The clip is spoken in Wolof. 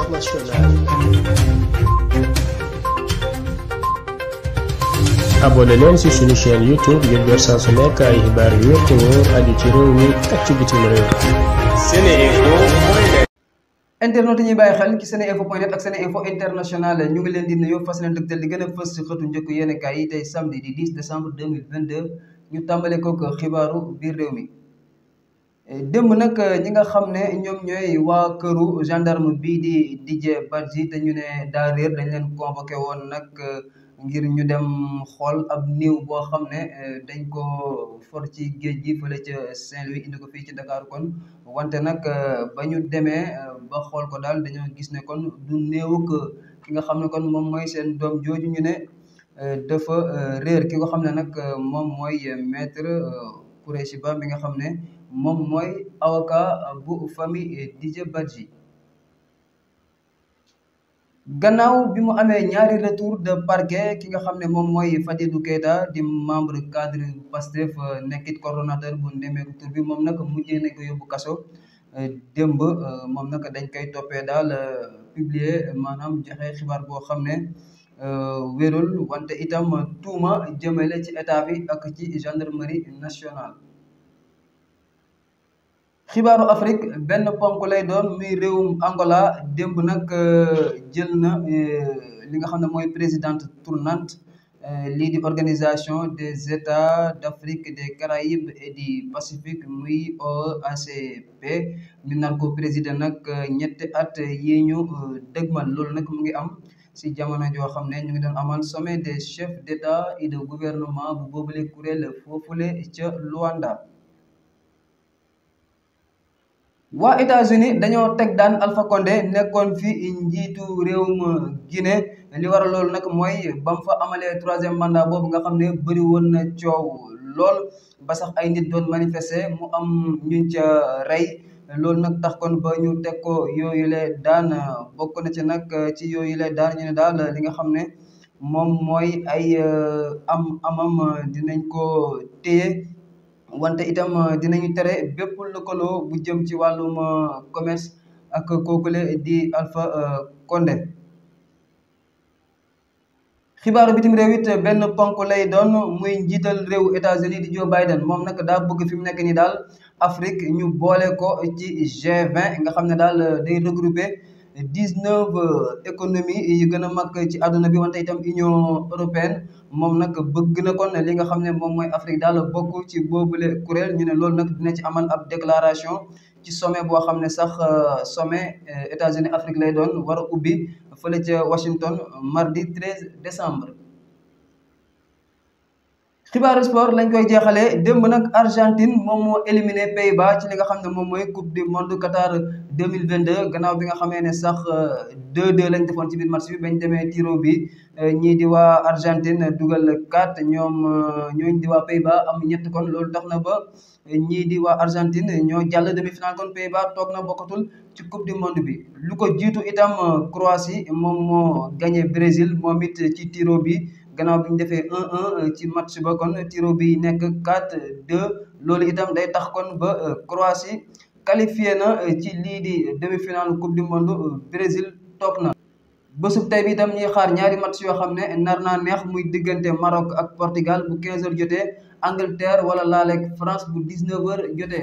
internationale. abonné leen ci suñu chaîne YouTube ngir jot saa su nekk ay xibaar yu wér te wóor aju ci réew mi ak ci bitim réew. SeneInfo. internet yi ñuy bàyyi xel ci seneinfo point net ak seneinfo international ñu ngi leen di nuyu fas leen dëgtal li gën a fës ci xëtu njëkk yéen kaay yi tey samedi di 10 décembre 2022 ñu tàmbale kook xibaaru biir réew mi. démb nag ñi nga xam ne ñoom ñooy waa këru gendarme bii di DJ Badji te dañu ne daa réer dañ leen convoqué woon nag euh, ngir ñu dem xool ab néew boo xam ne euh, dañ ko for ci géej gi fële ca Saint-Louis ko fii ci Dakar kon wante nag euh, ba ñu demee ba xool ko daal dañoo gis ne kon du néewuk ki nga xam ne kon moom mooy seen doom jooju ñu ne dafa réer ki ko xam ne nag moom mooy maître Koureyssi Ba bi nga xam ne moom mooy awka euh, bu famille euh, Didier Badji gannaaw bi mu amee ñaari retour de parquet ki nga xam ne moom mooy Fadilou Keita di membre cadre Pastef euh, nekkit coordonnateur bu Ndémeeku Tour bi moom nag mujjee nañ ko yóbbu kaso démb moom nag dañ koy toppee daal publier maanaam joxe xibaar boo xam ne wérul wante itam tuuma jëmale ci état bi ak ci gendarmerie nationale xibaaru Afrique benn ponk lay doon muy réewum Angola démb nag euh, jël na euh, li nga xam ne mooy présidente tournante euh, lii di organisation des États d'Afrique des Caraïbes et du Pacifique muy OACP e ñu naan ko président nag ñetti at yii ñu dëgmal loolu nag mu ngi am. si jamono joo xam ne ñu ngi doon amal sommet des chefs d'État et de gouvernement bu boobule kuréel foofule ca Luanda. waa États-Unis dañoo teg daan Alpha Condé nekkoon fi réew réewum Guinée ni waral loolu nag mooy ba mu fa amalee troisième mandat boobu nga xam ne bëri woon na coow lool ba sax ay nit doon manifester mu am ñu ca rey loolu nag tax kon ba ñu teg ko yooyu le daan bokk na ci nag ci yooyu le daan ñu ne daal li nga xam ne moom mooy ay am amam dinañ ko téye. wante itam euh, dinañu tere bépp lëkkaloo bu jëm ci wàllum euh, commerce ak kookule di Alpha euh, Condé xibaaru bitim réew it benn ponk lay doon muy njiital réew États-Unis di Joe Biden moom nag daa bëgg fi mu nekk nii daal Afrique ñu boole ko ci g nga xam ne daal day regrouper dix-neuf euh, économie yu gën a mag ci àdduna bi wante itam union européenne moom nag bëgg na kon li nga xam ne moom mooy Afrique daal bokk ci boobule kuréel ñu ne loolu nag dina ci amal ab déclaration ci sommet boo xam ne sax euh, sommet euh, États-Unis Afrique lay doon war a ubbi fële ca Washington mardi treize décembre xibaar sport lañ koy jeexalee démb nag Argentine moom moo éliminé Pays-Bas ci li nga xam ne moom mooy coupe du monde Qatar deux mille vingt deux ganaaw bi nga xamee ne sax deux deux lañ defoon ci biir match bi bañ demee tiro bi ñii di waa Argentine dugal quatre ñoom ñooñ di waa Pays-Bas am ñett kon loolu tax na ba ñii di waa Argentine ñoo jàll demi-finale kon Pays-Bas toog na bokkatul ci coupe du monde bi lu ko jiitu itam Croatie moom moo gagné Brésil moom it ci tiro bi. gannaaw bi ñu defee 1-1 euh, ci match ba kon tiro bi nekk 4-2 loolu itam day tax kon ba euh, Croatie qualifié na euh, ci lii di demi-finale coupe du monde Brésil toog na. bésub tey bi itam ñuy xaar ñaari match yoo xam ne naar naa neex muy diggante Maroc ak Portugal bu 15h jotee Angleterre wala laaleeg France bu 19h jotee.